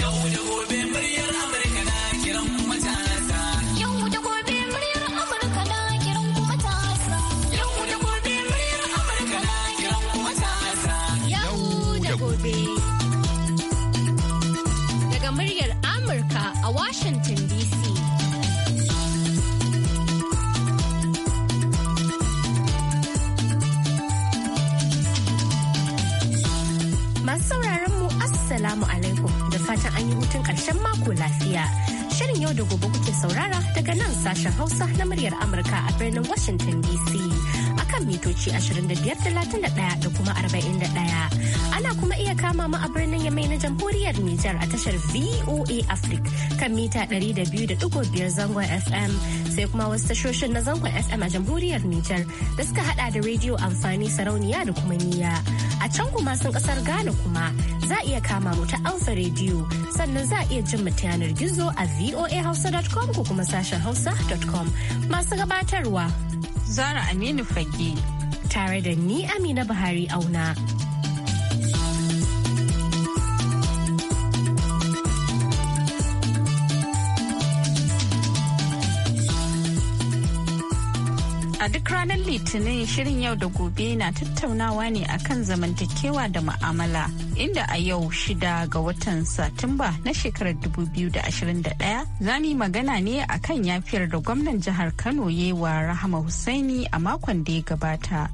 Yau da gobe. saurara daga nan sashen Hausa na muryar Amurka a birnin Washington DC. kan mitoci 2531 da kuma 41. Ana kuma iya kama mu a birnin Yamai na Jamhuriyar Nijar a tashar VOA Africa kan mita 200.5 zangon FM. sai kuma wasu tashoshin na zangon FM a jamhuriyar Nijar da suka hada da rediyo amfani sarauniya da kuma niya. A can kuma sun kasar Ghana kuma za a iya kama mu ta alfa rediyo sannan za iya jin mu ta yanar gizo a voahausa.com ko kuma sashen hausa.com masu gabatarwa. Zara Aminu Fage. Tare da ni Amina Buhari Auna. A duk ranar Litinin shirin yau da gobe na tattaunawa ne akan zamantakewa da ma'amala inda a yau shida ga watan Satumba na shekarar 2021 za mu yi magana ne akan yafiyar da gwamnan jihar Kano yewa Rahama Hussaini a makon da ya gabata.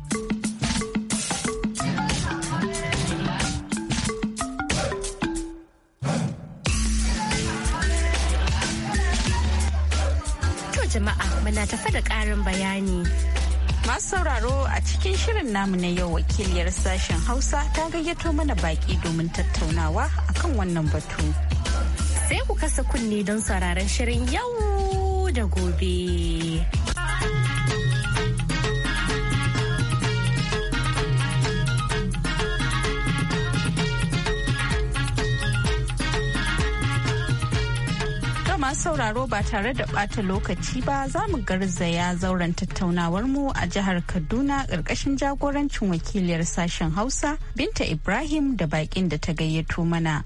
sa'a muna tafi da ƙarin bayani. Masu sauraro a cikin shirin namu na yau wakiliyar sashen Hausa ta gayyato mana baki domin tattaunawa a kan wannan batu. Sai ku kasa kunne don sauraron shirin yau da gobe. sauraro ba tare da ɓata lokaci ba za mu garzaya zauren tattaunawar mu a jihar Kaduna ƙarƙashin jagorancin wakiliyar sashen Hausa Binta Ibrahim da baƙin da ta gayyato mana.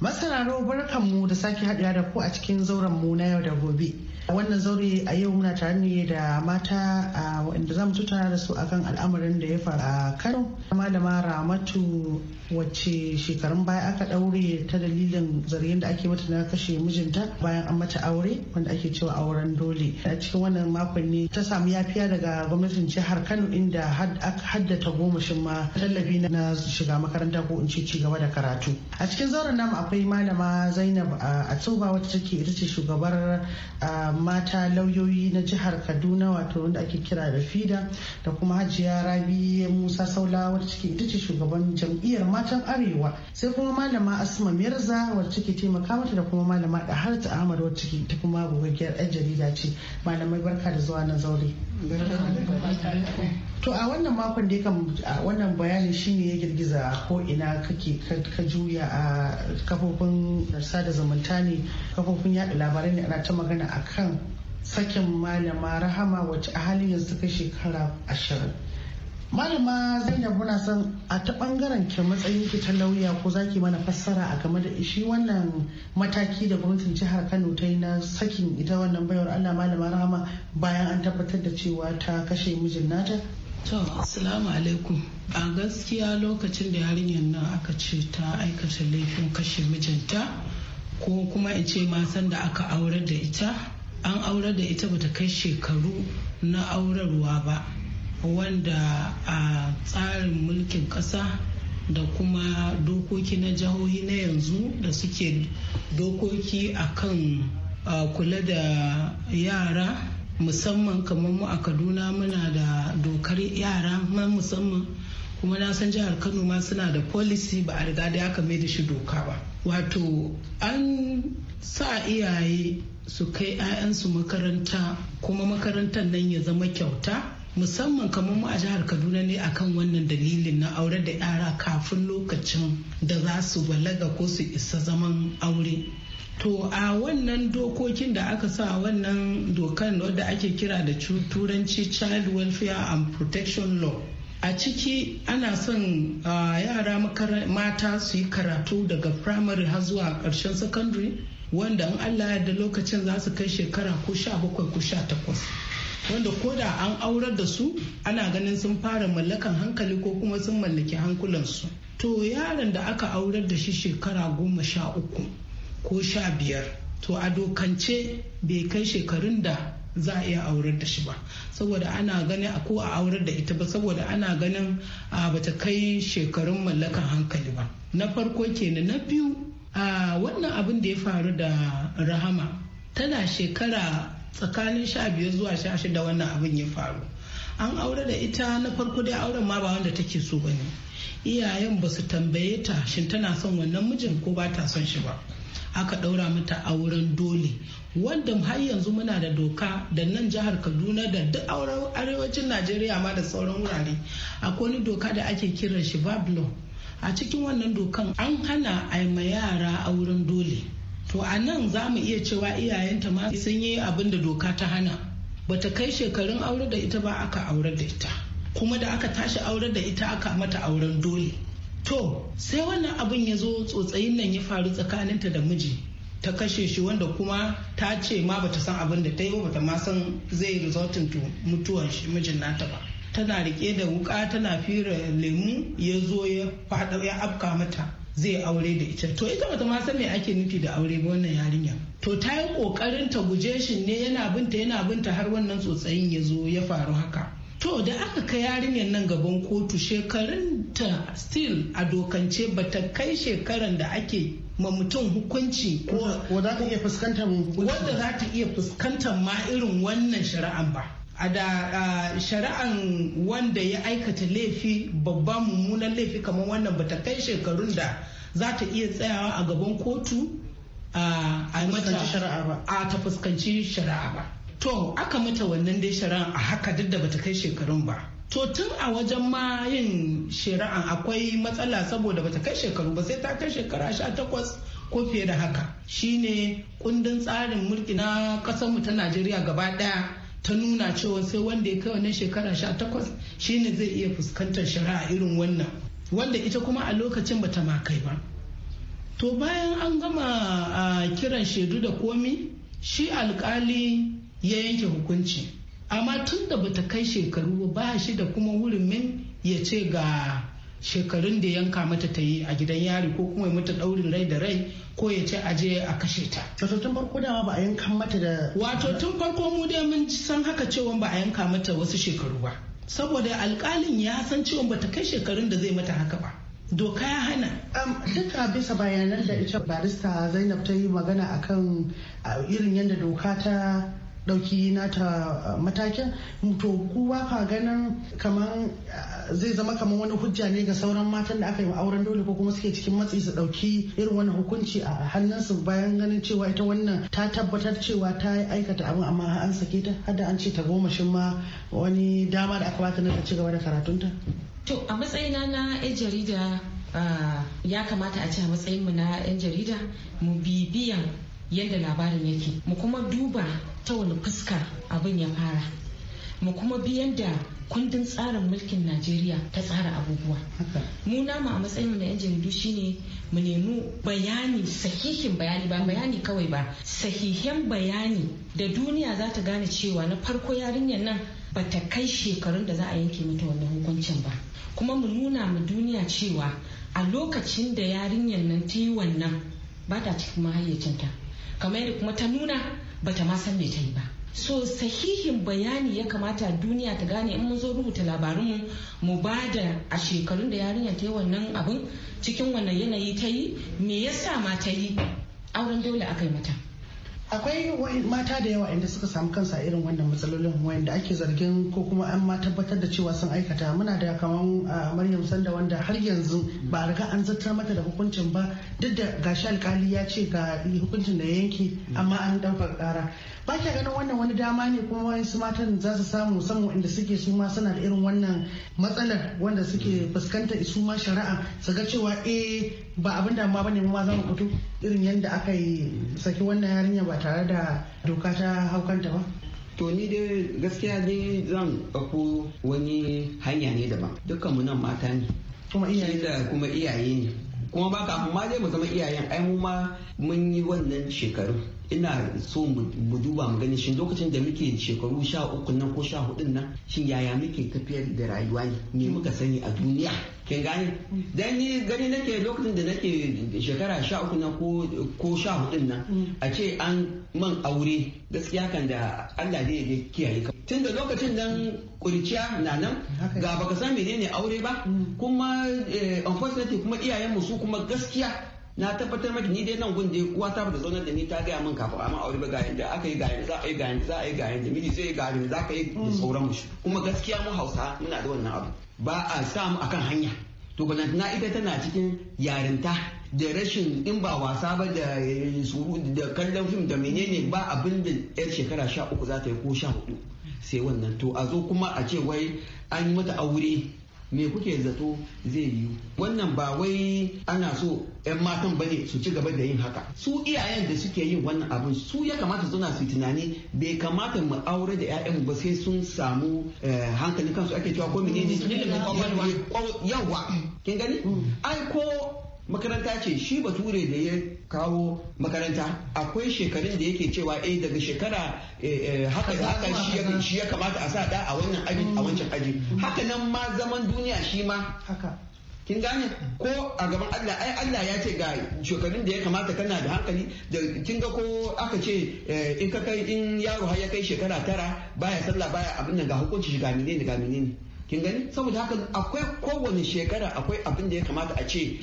Masararo barkanmu da sake haɗuwa da ku a cikin zauren mu na yau da gobe. Wannan zaure a yau muna tare ne da mata a zamu tattauna da su akan al'amarin da ya faru a Kano. Malama Ramatu wacce shekarun baya aka daure ta dalilin zargin da ake mata na kashe mijinta bayan an mata aure wanda ake cewa auren dole. A cikin wannan makon ne ta samu yafiya daga gwamnatin jihar Kano inda haddata shi ma tallafi na shiga makaranta ko in ce ci gaba da karatu. A cikin zauren namu akwai malama Zainab a tsoba wacce take ita ce shugabar mata lauyoyi na jihar kaduna wato wanda ake kira da fida da kuma hajiya rabi musa saula wacce ke ita ce shugaban jam'iyyar matan arewa sai kuma malama asma mirza wacce ke taimaka mata da kuma malama da harta ahmad wacce ke ta kuma gogaggiyar yan jarida ce malamai barka da zuwa na zaure to a wannan makon da ya a wannan bayanin shine ya girgiza ko ina kake ka juya a kafofin sada zumunta ne kafofin yaɗa labarai ne ana ta magana akan sakin malama rahama wacce a halin yanzu ta shekara ashirin malama zainab muna son a ta bangaren ke matsayin ki ta lauya ko zaki mana fassara a game da shi wannan mataki da gwamnatin jihar kano ta yi na sakin ita wannan baiwar allah malama rahama bayan an tabbatar da cewa ta kashe mijin nata to assalamu alaikum a gaskiya lokacin da yarinyar nan aka ce ta aikata laifin kashe mijinta ko kuma in ce san da aka aurar da ita an aurar da ita bata kai shekaru na aurarwa ba wanda a tsarin mulkin ƙasa da kuma dokoki na jihohi na yanzu da suke dokoki a kan kula da yara musamman kamar mu a kaduna muna da dokar yara na musamman kuma na san jihar kano ma suna da policy ba a riga da aka mai da shi doka ba wato an sa iyaye su kai 'ya'yansu makaranta kuma makarantar nan ya zama kyauta musamman kamar mu a jihar kaduna ne akan wannan dalilin na aure da yara kafin lokacin da za su balaga ko su isa zaman aure to a wannan dokokin da aka sa wannan dokan wadda ake kira da turanci child welfare and protection law a ciki ana son yara mata su yi karatu daga primary har zuwa karshen secondary wanda in allah da lokacin za su kai shekara ko sha bakwai ko sha takwas wanda ko da an aurar da su ana ganin sun fara mallakan hankali ko kuma sun mallaki hankulansu to yaron da aka aurar da shi shekara goma sha uku ko sha biyar to a dokance bai kai shekarun da za a iya aurar da shi ba saboda ana ganin ko a aurar da ita ba saboda ana ganin a bata kai shekarun mallakan hankali ba na farko kenan na biyu a wannan abin da ya faru da rahama tana shekara tsakanin sha biyar zuwa sha shida wannan abin ya faru an aure da ita na farko dai auren ma ba wanda take so ba bane iyayen ba su tambaye ta shin tana son wannan mijin ko ba ta son shi ba aka ɗaura mata auren dole wanda har yanzu muna da doka da nan jihar kaduna da duk auren arewacin najeriya ma da sauran wurare akwai wani doka da ake kiran shi a cikin wannan dokan an hana a ma yara auren dole to a nan za mu iya cewa iyayenta ma sun yi abin da doka ta hana bata kai shekarun aure da ita ba aka aure da ita kuma da aka tashi aure da ita aka mata auren dole to sai wannan abin ya zo tsotsayin nan ya faru tsakaninta da miji ta kashe shi wanda kuma ta ce ma bata san abin da ta yi ba bata ma san zai resultin to mutuwan shi mijin nata ba tana rike da wuka tana fira lemu ya zo ya afka mata zai aure da ita to ita bata ma san me ake nufi da aure ba wannan yarinya to ta yi kokarin ta guje shi ne yana binta yana binta har wannan tsotsayin ya zo ya faru haka to da aka kai yarinyar nan gaban kotu shekarun ta still a dokance bata kai shekaran da ake ma mutum hukunci wadda za ta iya fuskantar ma irin wannan shari'an ba a da shari'an wanda ya aikata laifi babban mummunan laifi kamar wannan bata kai shekarun da za ta iya tsayawa a gaban kotu a ta fuskanci shari'a ba to aka mata wannan dai shari'a a haka duk da bata kai shekarun ba to tun a wajen ma yin shari'a akwai matsala saboda bata kai shekaru ba sai ta kai shekara sha takwas ko fiye da haka shine kundin tsarin mulki na kasarmu ta najeriya gaba daya ta nuna cewa sai wanda ya kai wannan shekara sha takwas shine zai iya fuskantar shari'a irin wannan wanda ita kuma a lokacin bata ma kai ba to bayan an gama a kiran shaidu da komi shi alkali ya yanke hukunci amma tun da bata kai shekaru ba shi da kuma wurin min ya ce ga shekarun da yanka mata ta yi a gidan yari ko kuma mata daurin rai da rai ko ya ce aje a kashe ta. Wato tun farko dama ba a yanka mata da. Wato tun farko mu dai mun san haka cewa ba a yanka mata wasu shekaru ba. Saboda alkalin ya san cewa ba ta kai shekarun da zai mata haka ba. Doka ya hana. Duk a bisa bayanan da ita barista Zainab ta yi magana akan irin yadda doka ta dauki nata uh, matakin mm, to ku ba ka ganin kamar uh, zai zama kamar wani hujja ne ga sauran matan da aka yi auren dole ko kuma suke cikin matsi su ɗauki irin wani hukunci a hannunsu bayan ganin cewa ita wannan ta tabbatar cewa ta aikata abin amma an sake ta har an ce ta goma shin ma wani dama da aka bata na ta ci gaba da karatunta. To a matsayina na 'yan jarida uh, ya kamata a ce a matsayin mu na 'yan jarida mu bibiya yadda labarin yake mu kuma duba ta wani fuska abin ya fara mu kuma biyan da kundin tsarin mulkin najeriya ta tsara abubuwa mu nama a matsayin na yan jaridu shine mu nemi bayani sahihin bayani ba bayani kawai ba sahihin bayani da duniya za ta gane cewa na farko yarinyar nan ba ta kai shekarun da za a yanke mata wannan hukuncin ba kuma mu nuna mu duniya cewa a lokacin da yarinyar nan ta yi wannan ba ta cikin mahayyacinta kamar yadda kuma ta nuna bata ma san me ta yi ba so sahihin bayani ya kamata duniya ta gane in mun zo rubuta labarinmu mu ba da a shekarun da yarinya ta yi wannan abin cikin wannan yanayi ta yi me yasa ma ta yi auren dole aka yi mata akwai mata da yawa inda suka samu kansa a irin wannan matsalolin wanda ake zargin ko kuma an ma tabbatar da cewa sun aikata muna da kaman maryam sanda wanda har yanzu ba riga an zartar mata da hukuncin ba duk da gashi alkali ya ce ga hukuncin da ya yanke amma an daukar ƙara ba kya ganin wannan wani dama ne kuma wayansu matan za su samu samu inda suke su ma suna da irin wannan matsalar wanda suke fuskanta su ma shari'a su ga cewa eh ba abin damuwa bane mu ma zama irin yadda aka yi saki wannan yarinya ba tare da doka ta haukanta ba to ni dai gaskiya ne zan ɗauko wani hanya ne daban dukkan mu nan mata ne kuma iyaye da kuma iyaye ne kuma ba kafin ma dai mu zama iyayen ai mu ma mun yi wannan shekaru ina so mu duba mu gani shin lokacin da muke shekaru sha uku nan ko sha hudun nan shin yaya muke tafiyar da rayuwa ne me muka sani a duniya kin gani dan ni gani nake lokacin da nake shekara sha uku nan ko sha hudun nan mm. a ce an man aure gaskiya kan da Allah zai ya kiyaye ka tun da lokacin nan kurciya na nan ga baka san menene aure ba mm. kuma eh, unfortunately kuma iyayen mu su kuma gaskiya na tabbatar maki ni dai nan gun dai uwa ta da zaunar da ni ta gaya min kafin amma aure ba ga yanda aka yi ga yanda za a yi ga yanda za a yi ga yanda miji zai yi ga yanda za yi da sauran mu kuma gaskiya mu Hausa muna da wannan abu ba a sa mu akan hanya to na ita tana cikin yarinta da rashin in ba wasa ba da eh, da kallon fim da menene ba abin da yar shekara sha uku za ta yi ko sha hudu sai wannan to a zo kuma a ce wai an yi mata aure me kuke zato zai yiwu wannan ba wai ana so 'yan matan ne su ci gaba da yin haka su iyayen da suke yin wannan abin su ya kamata suna su tunani bai kamata mu aure da 'ya'yanmu ba sai sun samu eh, hankalin kansu ake cewa ko menene yawa kin gani mm. ai ko makaranta ce shi bature da ya kawo makaranta akwai shekarun da yake cewa eh daga shekara eh, eh, haka haka shi ya kamata a sa da a wannan aji a wancan aji mm. haka nan ma zaman duniya shi ma haka kin gane ko a gaban Allah ai Allah ya ce ga shekarun da ya kamata kana da hankali da kin ga ko aka ce eh, in ka kai in yaro har ya kai shekara tara baya sallah baya abin nan ga hukunci shiga menene ga menene kin gani saboda haka akwai kowane shekara akwai abin da ya kamata a ce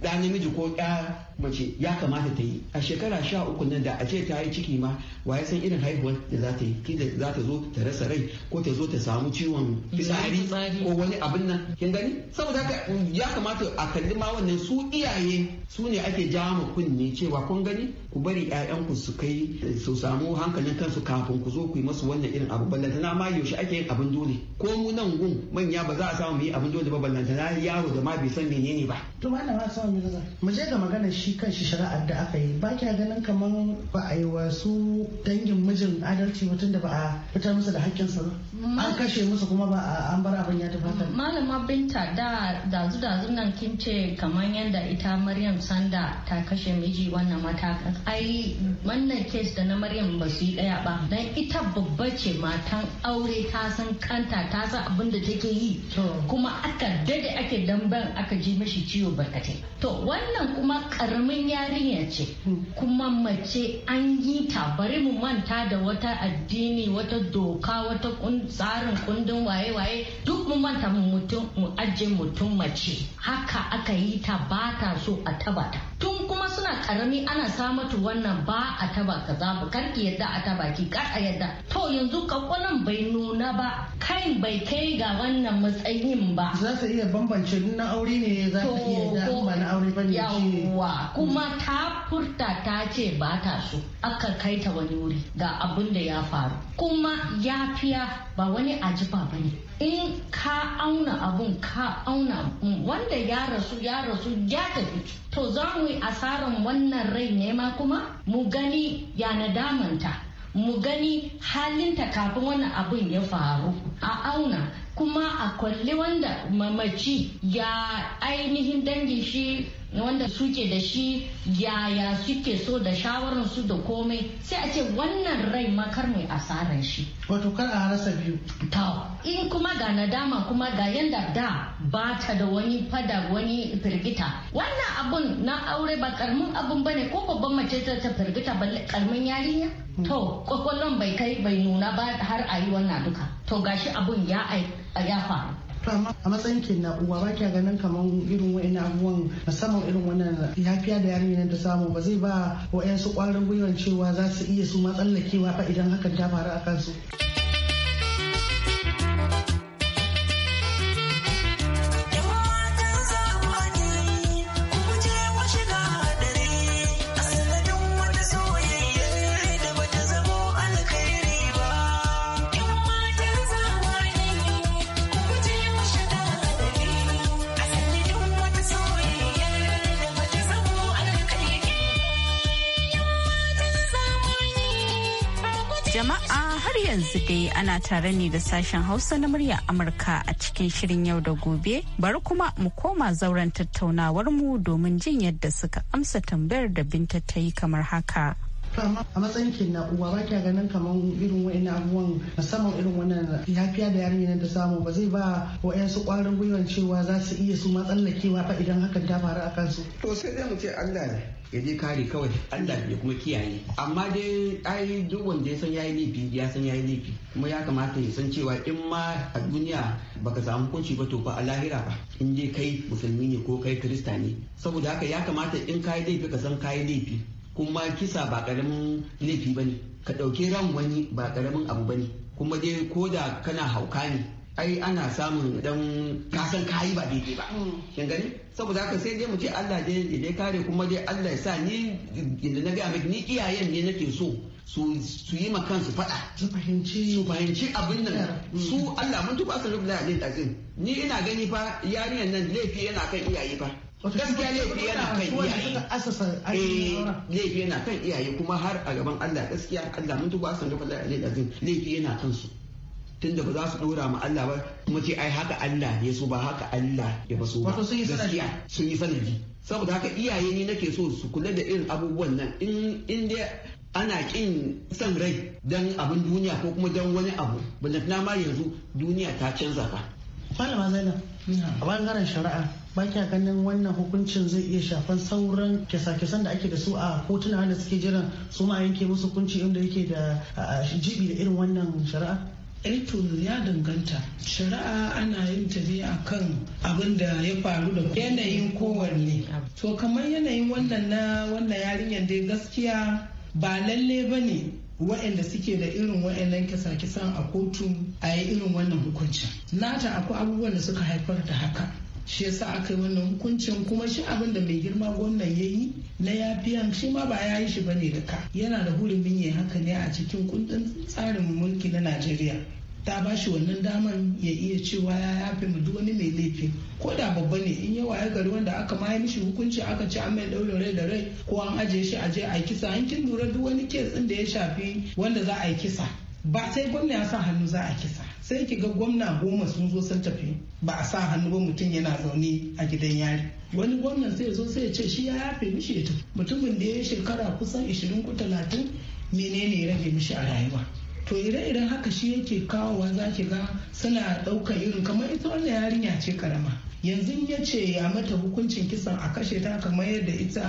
da namiji ko ya mace ya kamata ta yi a shekara sha uku nan da a ce ta yi ciki ma wa ya san irin haihuwar da za ta yi za ta zo ta rasa rai ko ta zo ta samu ciwon fitsari ko wani abin nan kin gani saboda haka mm, ya kamata a kalli ma wannan su iyaye su ne ake jawo ma kunne cewa kun gani ku bari 'ya'yanku su kai su samu hankalin kansu kafin ku zo ku yi masu wannan irin abu ballantana ma yaushe ake yin abin dole ko mu nan gun manya ba za a samu mu yi abin dole ba ballantana yaro da ma bai san menene ba to malama samu mirza mu je ga magana shi kan shi shari'ar da aka yi ba kya ganin kamar ba a yi wasu dangin mijin adalci mutum da ba a fitar musu da hakkinsa ba an kashe musu kuma ba a an bar abin ya tafi haka malama binta da dazu dazu nan kin ce kamar yadda ita maryam sanda ta kashe miji wannan matakan. ai wannan kes da na maryam ba su yi daya ba dan ita babba ce matan aure ta san kanta ta san abin da take yi kuma aka dade ake damben aka ji mashi ciwo barkatai to wannan kuma karamin yarinya ce hmm. kuma mace an yi ta bari mu manta da wata addini wata doka wata tsarin kundin waye-waye duk mu manta mutum mu aje mutum mace haka aka yi ta ba ta so a taba ta tun kuma suna karami ana samun kotu wannan ba a taba ka za mu kar ki yadda a taba ki kar a yadda to yanzu kakwalan bai nuna ba kai bai kai ga wannan matsayin ba za ta iya bambance na aure ne za ta iya yadda ba na aure ba ne yawwa kuma ta furta ta ce ba ta so aka kai ta wani wuri ga abin da ya faru kuma yafiya ba wani ajiba ba ne in eh, ka auna abun ka auna wanda ya rasu ya rasu ya tafi to za mu yi asarar wannan rai ne ma kuma mu gani ya nadamanta mu gani halinta kafin wannan abun ya faru a auna kuma a kwalli wanda mamaci ya ainihin dangin shi wanda suke da shi yaya suke so da shawarar su da komai sai a ce wannan rai makar mai asarar shi wato kar a rasa biyu ta in kuma ga nadama kuma ga yanda da ba ta da wani fada wani firgita wannan abun na aure ba karmin abun bane ko babban mace ta ta firgita ba karmin yarinya mm. to kwakwallon bai kai bai nuna ba har a yi wannan duka to gashi abun ya faru a matsayin ke na uwa ba ganin kamar irin wa'in abubuwan musamman irin wannan yafiya da yarinya da samu ba zai ba wa'yansu kwarin gwiwan cewa za su iya su ma tsallakewa fa idan hakan ta faru a kansu. ana tare ne da sashen Hausa na murya Amurka a cikin shirin yau da gobe. Bari kuma mu koma zauren tattaunawar mu domin jin yadda suka amsa tambayar da binta ta yi kamar haka. a matsayin na uwa ba kya ganin kamar irin wa'in abubuwan musamman irin wannan lafiya da yarinya da samu ba zai ba wa'yansu kwarin gwiwan cewa za su iya su matsallakewa fa idan hakan ta faru a kansu. to sai dai mu ce Allah ne ya je kare kawai Allah ya kuma kiyaye amma dai ai duk wanda ya san yayi laifi ya san yayi laifi kuma ya kamata ya san cewa in ma a duniya baka samu kunci ba to fa a lahira ba in dai kai musulmi ne ko kai kirista ne saboda haka ya kamata in kayi laifi ka san yi laifi kuma kisa ba karamin laifi bane ka ɗauki ran wani ba karamin abu bane kuma dai ko da kana hauka ne ai ana samun dan kasan kayi ba daidai ba mm. kin gani saboda haka sai dai mu ce Allah dai dai kare kuma dai Allah ya sa ni inda na ga ni iyayen ne nake so su su yi ma su fada su fahimci su fahimci abin nan mm. su Allah mun tuba sun rubuta ne tazin ni ina gani fa yarinyar nan laifi yana kan iyaye fa gaskiya laifi yana kan iyaye eh, laifi yana kan iyaye kuma har a gaban Allah gaskiya Allah mun tuba sun rubuta ne tazin laifi yana kan su tunda ba za su dora ma Allah ba kuma ce ai haka Allah ya so ba haka Allah ya ba so ba wato sun yi sanadi saboda haka iyaye ne nake so su kula da irin abubuwan nan in in dai ana kin san rai don abin duniya ko kuma don wani abu na ma yanzu duniya ta canza fa malama zainab a bangaren shari'a ba kya ganin wannan hukuncin zai iya shafan sauran kyasa-kyasan da ake da su a kotuna da suke jiran su ma yanke musu hukunci inda yake da jibi da irin wannan shari'a eto eh ya danganta shari'a ana yin ta ne akan abin da ya faru da yanayin kowanne to kamar yanayin wannan na wannan yarinyar da gaskiya ba lalle ba ne wa'anda suke da irin wa'annan kisa-kisan a kotu a yi irin wannan hukuncin nata akwai abubuwan da suka haifar da haka shi yasa aka yi wannan hukuncin kuma shi abin da mai girma gwamnan ya yi na yafiyan shi ma ba ya yi shi bane da ka yana da hurumin ya haka ne a cikin kundin tsarin mulki na najeriya ta ba shi wannan daman ya iya cewa ya yafe mu duk wani mai laifi ko da babba ne in yawa ya gari wanda aka ma mishi hukunci aka ci an mai daure rai da rai ko an aje shi a aje a kisa an kin lura duk wani kes din da ya shafi wanda za a yi kisa ba sai gwamna ya sa hannu za a kisa sai ki ga gwamna goma sun zo sun tafi ba a sa hannu ba mutum yana zaune a gidan yari wani gwamnan sai zo sai ya ce shi ya yafe mishi ya tafi mutumin da ya yi shekara kusan 20 ko 30 menene ya rage mishi a rayuwa to ire-iren haka shi yake kawowa za ga suna ɗaukar irin kamar ita wannan yarinya ce karama yanzu ya ce ya mata hukuncin kisan a kashe ta kamar yadda ita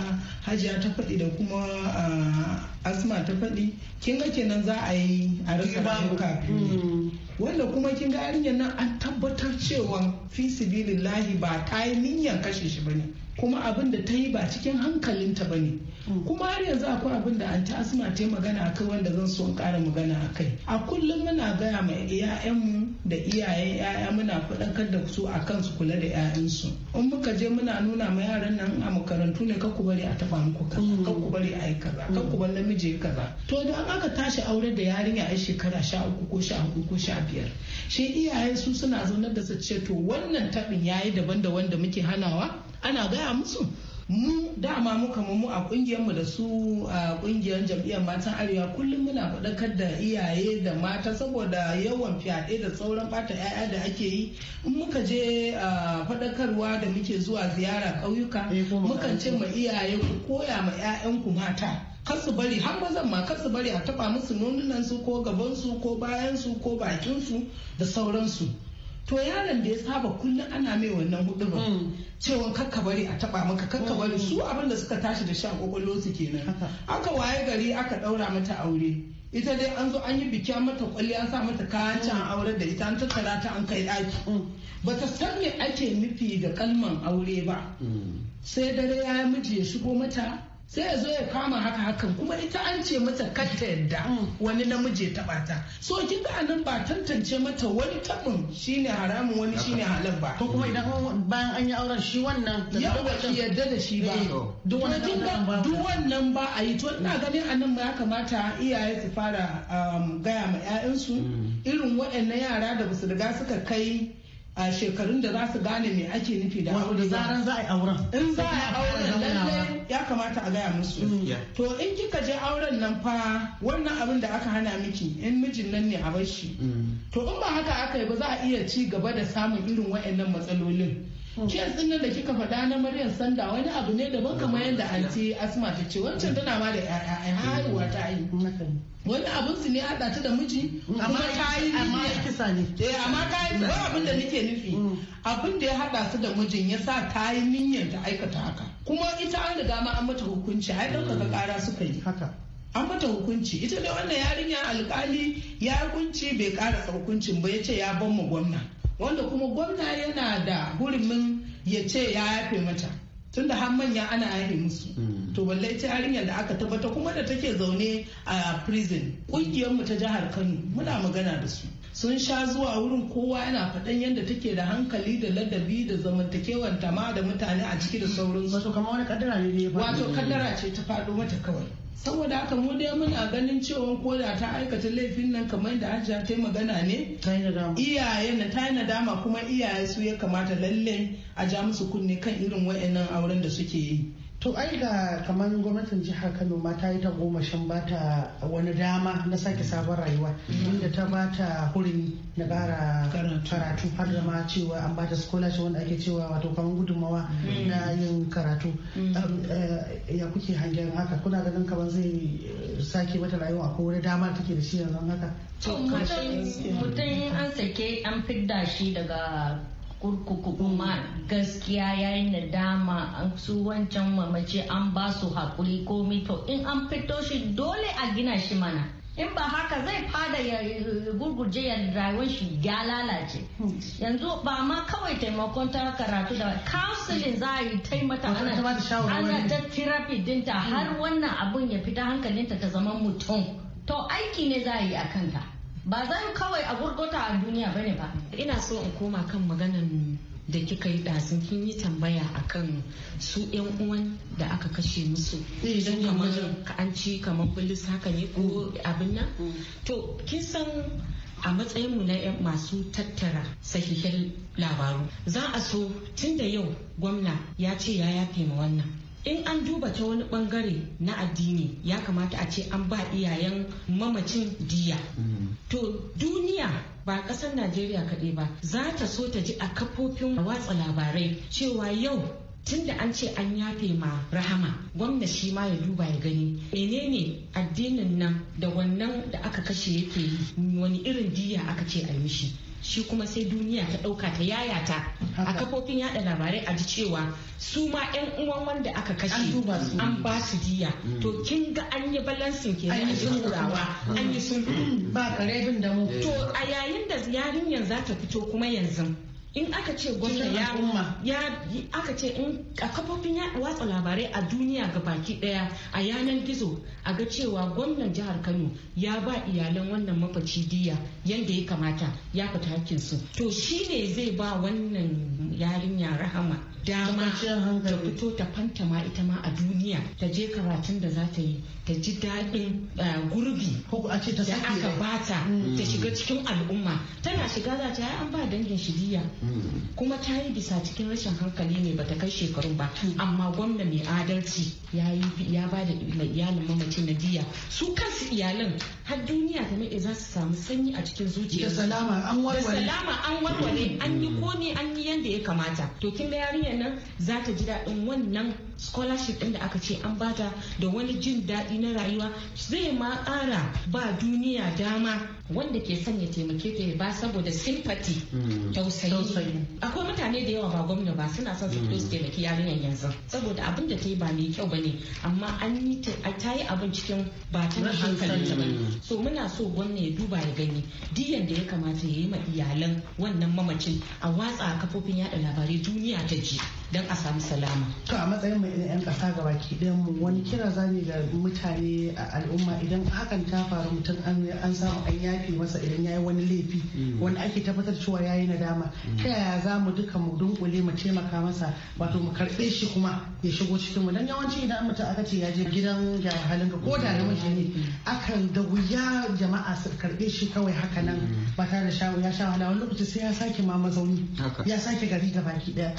hajiya ta faɗi da kuma ah, asma ta faɗi kinga kenan za a yi a rasa rayuka biyu hmm. wanda kuma kin ga yarinyar nan an tabbatar cewa fi sibilin lahi ba ta yi niyyar kashe shi bane kuma abin da ta yi ba cikin hankalinta ba ne mm. kuma har yanzu akwai abin da an ta asma ta magana akai wanda zan so in kara magana akai a kullum muna gaya ma 'ya'yanmu da iyayen 'ya'ya muna faɗakar da su a kansu kula da 'ya'yansu in muka je muna nuna ma yaran nan a makarantu ne ku bari a taba muku kaza mm. ku bari a yi kaza ku mm. bar namiji ya kaza to da an aka tashi aure da yarinya a shekara sha uku ko sha uku ko sha biyar shi iyaye su suna zaunar da su ce to wannan taɓin yayi daban da wanda muke hanawa ana gaya musu mu dama mu kamar mu a kungiyar mu da su a kungiyar jam'iyyar matan arewa kullum muna faɗakar da iyaye da mata saboda yawan fyaɗe da sauran bata 'ya'ya da ake yi in muka je faɗakarwa da muke zuwa ziyara ƙauyuka eh, mukan ce ma iyaye ku koya ma 'ya'yanku mata kar su bari har mazan ma kar su bari a taɓa musu nonunan ko gabansu ko bayan su ko bakinsu da sauransu to yaron da ya saba kullum ana mai wannan hudurin mm. cewa kakka bari a taba maka kakka bari mm. su abin da suka tashi da shi a su kenan aka waye gari aka daura mata aure ita dai an zo an yi biki an mata kwalli an sa mata kayan can aure da ita an tattara ta an kai daki mm. bata san me ake nufi da kalman aure ba sai dare ya miji ya shigo mata sai ya zo ya kama haka hakan kuma ita an ce mata katta yadda mm. wani namiji ya taba ta so kin ga anan ba tantance mata wani tabin shine haramun wani shine halal ba ko kuma idan bayan an yi auren shi wannan ya ba ki yadda da shi eh, ba duk wannan ba a yi to ina ganin anan ba ya kamata iyaye su fara um, gaya ma 'ya'yansu mm. irin waɗannan yara da basu riga suka kai a shekarun da za su gane me ake nufi da aure da zaran za a yi auren in za a yi auren lallai ya kamata a gaya musu mm. to in kika je auren nan fa wannan abin da aka hana miki in mijin nan ne a bar shi mm. to in ba haka aka yi ba za a iya ci gaba da samun irin waɗannan matsalolin kes din da kika faɗa na Maryam Sanda wani abu ne daban kamar yadda anti Asma ta ce wancan tana ma da ƴaƴa haihuwa ta yi mm, wani abun su ne haɗa ta da miji mm, amma ta yi amma kisa ne eh amma ta yi ba abin da nake nufi mm. abin da ya haɗa su da mijin ya sa ta yi niyyar ta aikata haka kuma ita an riga ma an mata hukunci ai ɗaukaka ƙara suka yi haka an mata hukunci ita da wannan yarinya alkali ya hukunci bai karasa hukuncin ba ya ce ya ban mu gwamna wanda kuma gwamna yana da gurumin ya ce ya yafe mata tunda har manya ana yafe musu hmm. to balle ita yarinyar da aka tabbata kuma da take zaune a prison kungiyar mu ta jihar Kano muna magana da su sun sha zuwa wurin kowa yana faɗan yadda take da hankali da ladabi da zamantakewar tama da mutane a ciki da sauransu wato kamar wani ne wato ce ta faɗo mata kawai saboda haka mu dai muna ganin cewa koda ta aikata laifin nan kamar da hajiya ta magana ne iyaye na ta yi nadama kuma iyaye su ya kamata lalle a ja musu kunne kan irin wayannan auren da suke yi to ai ga kamar gwamnatin jihar kano ma ta yi ta shan ba ta wani dama na sake sabon rayuwa inda ta ba ta hurin na kara karatu har da ma cewa an ba ta scholarship wanda ake cewa wato kamar gudunmawa mm. na yin karatu mm. eh, ya kuke hangen haka kuna ganin kamar zai eh, sake mata rayuwa ko wani dama take da shi yanzu haka to mutum an sake an fidda shi daga kurkuku kuma gaskiya ya yi nadama an su wancan mamace an ba su haƙuri ko mito in an fito shi dole a gina shi mana in ba haka zai fada ya gurgurje ya rayuwar shi ya lalace hmm. yanzu ba ma kawai taimakon ta karatu da counseling za a yi taimata ana ta therapy dinta har hmm. wannan abun ya fita hankalinta ta zama mutum to aiki ne za a yi a kanta ba zan kawai a gurgota a duniya ba ne ba ina so in koma kan maganan da kika yi ɗazu kin yi tambaya akan su yan uwan da aka kashe musu eh, idan kamar an ci kamar bulis haka ne ko mm. abin nan mm. to kin san a matsayin mu na 'yan masu tattara sahihan labaru za a so tun da yau gwamna ya ce ya yafe ma wannan in an duba ta wani bangare na addini ya kamata a ce an ba iyayen mamacin diya mm. to duniya ba kasar najeriya kaɗai ba za ta so ta ji a kafofin watsa labarai cewa yau tun da an ce an yafe ma rahama gwamna shi ma ya duba ya gani menene addinin nan da wannan da aka kashe yake yi wani irin diya aka ce a mishi shi kuma sai duniya ta ɗauka ta yaya ta a kafofin yada labarai a ji cewa su ma 'yan uwan wanda aka kashe an ba su diya mm. to kin ga an yi balansin ke an yi turawa an yi sun ba karebin da mu to a yayin da yarinyar za ta fito kuma yanzu in aka ce gwamna ya ya aka ce in a kafofin watsa labarai a duniya ga baki daya a yanar gizo a ga cewa gwamnan jihar Kano ya ba iyalan wannan mafaci diya yadda ya kamata ya fita hakkinsu su to ne zai ba wannan yarinya rahama dama ta fito ta fanta ma ita ma a duniya ta je karatun da za ta yi ta ji daɗin eh, gurbi da aka bata mm. ta shiga cikin al'umma tana shiga za ta yi an ba dangin shidiya mm. kuma ta yi bisa cikin rashin hankali ne bata kai shekaru ba mm. amma gwamna mai adalci ya ba da iyalin mamaci na diya su kansu iyalan har duniya ta mai za su samu sanyi a cikin zuciya da salama an warware an warware yi komi an yi yanda ya kamata to kin ga yarinyar nan za ta ji daɗin wannan scholarship ɗin da aka ce an bata da wani jin daɗi na rayuwa zai ma ƙara ba duniya dama wanda ke sanya ya taimake ta ba saboda sympathy hmm. tausayi akwai mutane da yawa ba gwamna ba suna son su fito su hmm. taimaki yarinyar yanzu saboda abin da ta yi ba mai kyau ba ne amma an yi ta yi abin cikin ba ta hankalin ta ba so muna so gwamna ya duba ya gani diyan da ya kamata ya yi ma iyalan wannan mamacin a watsa kafofin yada labarai duniya ta ji don a sami salama. To a matsayin mai na 'yan ga baki ki mu wani kira za ne ga mutane a al'umma idan hakan ta faru mutum an samu an yafe masa idan ya yi wani laifi mm. wanda ake tabbatar cewa ya yi nadama mm. ta yaya za mu duka mu dunkule mu taimaka masa wato mu karɓe shi kuma ya shigo cikin mu dan yawanci idan mutum aka ce ya je gidan gyara halin ka ko da namiji ne mm. akan da wuya jama'a su karɓe shi kawai haka nan ba tare da ya sha wahala wani lokaci sai ya sake ma mazauni ya sake gari ga baki daya.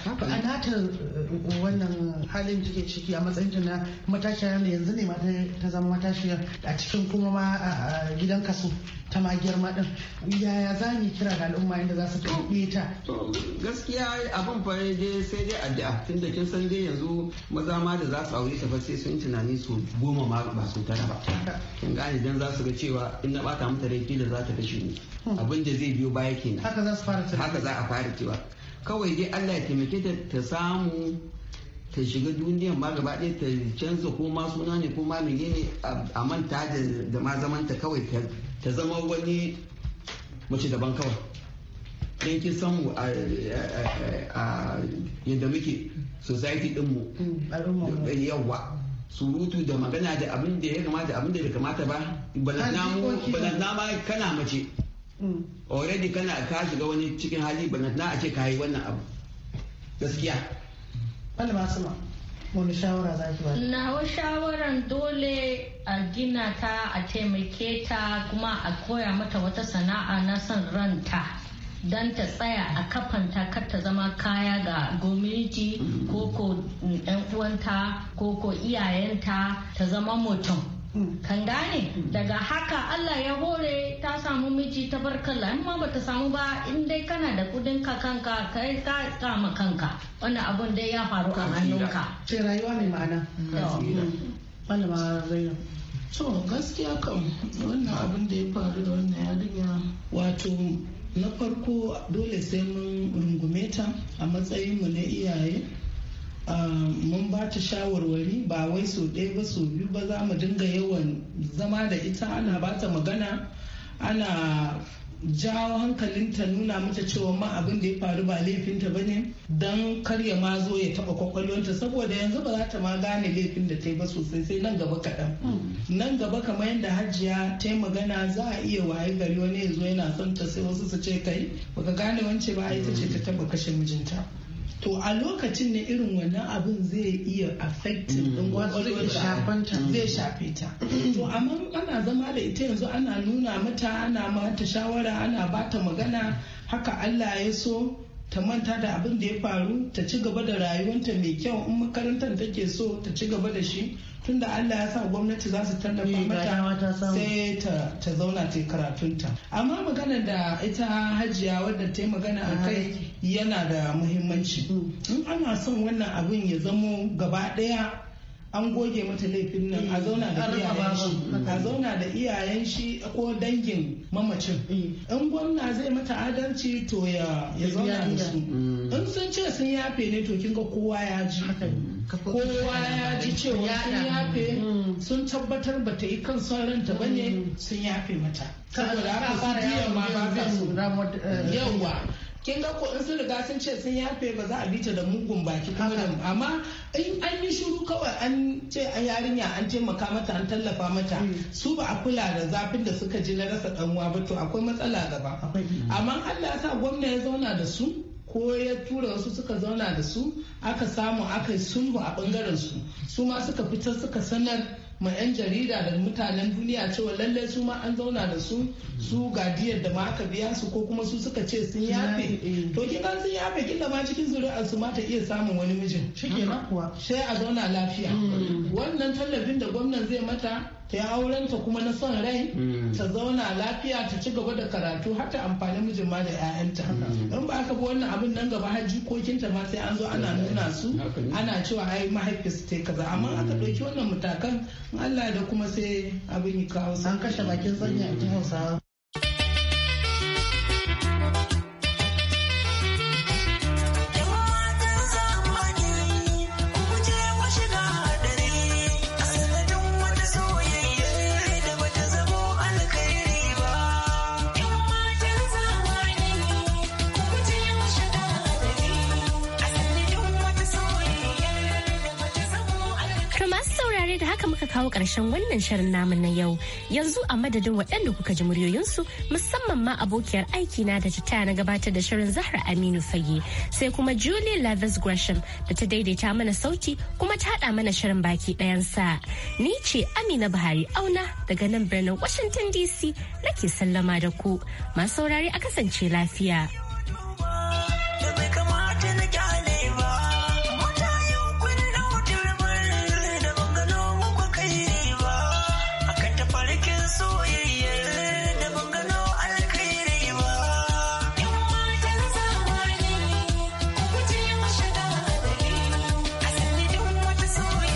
wannan halin ke ciki a matsayin ta na matashiya ne yanzu ne mata ta zama matashiya a cikin kuma ma gidan kaso ta ma girma din yaya za mu kira ga al'umma yadda za su karɓe ta gaskiya abin fa dai sai dai addu'a tun da kin san dai yanzu maza ma da za su aure ta sai sun tunani su goma ma ba su tara ba kin gane dan za su ga cewa in na bata mata rai kila za ta kashe ni hmm. abin da zai biyo baya kenan haka za su fara haka za a fara cewa kawai dai allah ya taimake ta ta samu ta shiga duniyan ma gaba ɗaya ta canza ko ma suna ne ko ma ne a manta da ma zamanta kawai ta zama wani mace daban kawai don kin san mu a yadda muke society dinmu mm, eh, yawa surutu da magana da abin da ya kamata abin da bai kamata ba balanna ma kana mace already kana ka shiga wani cikin hali ba na a ce ka yi wannan abu gaskiya ma sama wani shawara za ki ba nawa shawaran dole a gina ta a taimake ta kuma a koya mata wata sana'a na son ranta don ta tsaya a kafanta kar ta zama kaya ga gwamnati ko ko uwanta ko ko iyayenta ta zama mutum kan gane daga haka Allah ya hore ta samu miji ta kalla in ma bata samu ba in dai kana da kudin ka kanka kai ka kama kanka wannan abun dai ya faru a hannunka ce rayuwa mai ma'ana mm. malama zainab to gaskiya kam wannan abun da ya faru da wannan yarinya wato na farko dole sai mun rungume ta a matsayinmu na iyaye Ah, mun ba ta shawarwari ba wai so ɗaya ba so biyu ba za mu dinga yawan zama da ita ana ba ta magana ana jawo hankalinta nuna mata cewa ma abin da ya faru ba laifinta ba ne don karya ma zo ya taba kwakwalwanta saboda yanzu ba za ta ma gane laifin da ta yi ba sosai sai nan gaba kaɗan mm. nan gaba kamar yadda hajiya ta yi magana za a iya waye gari wani ya zo yana son ta sai wasu su ce kai baka gane wance ba ita ce ta taba kashe mijinta to a lokacin ne irin wannan abin zai iya affecting din mm. kwakwalwar zai shafe ta to amma ana zama da ita yanzu ana nuna mata ana mata shawara ana bata magana haka Allah ya so ta manta da abin da ya faru ta ci gaba da rayuwanta mai kyau in makarantar take so ta ci gaba da shi tunda Allah ya sa gwamnati za su tallafa eh, mata sai ta zauna ta karatunta amma magana da ita hajiya wadda ta yi magana a kai yana da muhimmanci mm. in ana son wannan abin ya zamo gaba daya an goge mata laifin nan a zauna da iyayen shi a zauna da iyayen shi ko dangin mamacin mm. in gwamna zai mata adalci to ya zauna da su mm. in sun ce sun yafe ne to kinga kowa ya ji kowa ya ji cewa sun yafe mm. sun tabbatar ba ta yi kan sauran ta ba ne sun yafe mata saboda haka su ma ba su eh, yawa kin ga ko in sun riga sun ce sun yafe ba za a bi ta da mugun baki kuma amma in an yi shiru kawai an ce a yarinya an taimaka mata an tallafa mata mm. su ba a kula da zafin da suka ji na rasa danwa ba to akwai matsala gaba amma Allah ya sa gwamna ya zauna da su ko ya tura wasu suka zauna da su aka samu aka sulhu a bangaren su su ma suka fitar suka sanar ma 'yan jarida da mutanen duniya cewa lallai su ma an zauna da su su gadiyar da ma aka biya su ko kuma su suka ce sun yafe eh. to kin sun yafe kin da ma cikin zuri'ar su ma ta iya samun wani mijin kuwa sai a zauna lafiya mm. wannan tallafin da gwamnan zai mata ta yi aurenta kuma na son rai hmm. ta zauna lafiya ta ci gaba da karatu har ta amfani mijin ma da 'ya'yanta hmm. in ba aka bi wannan abin nan gaba har jikokinta ma sai an zo ana hmm. nuna su ana cewa ai su ta kaza amma aka ɗauki wannan matakan Allah da kuma sai abin ya kawo an kashe bakin sanya a cikin hausawa haka muka kawo ƙarshen wannan shirin namu na yau yanzu a madadin waɗanda kuka ji muryoyinsu musamman ma abokiyar aiki na da ta na gabatar da shirin zahra aminu fage sai kuma julie lavis gresham da ta daidaita mana sauti kuma ta haɗa mana shirin baki ɗayansa ni ce amina buhari auna daga nan birnin washington dc nake sallama da ku masu saurari a kasance lafiya.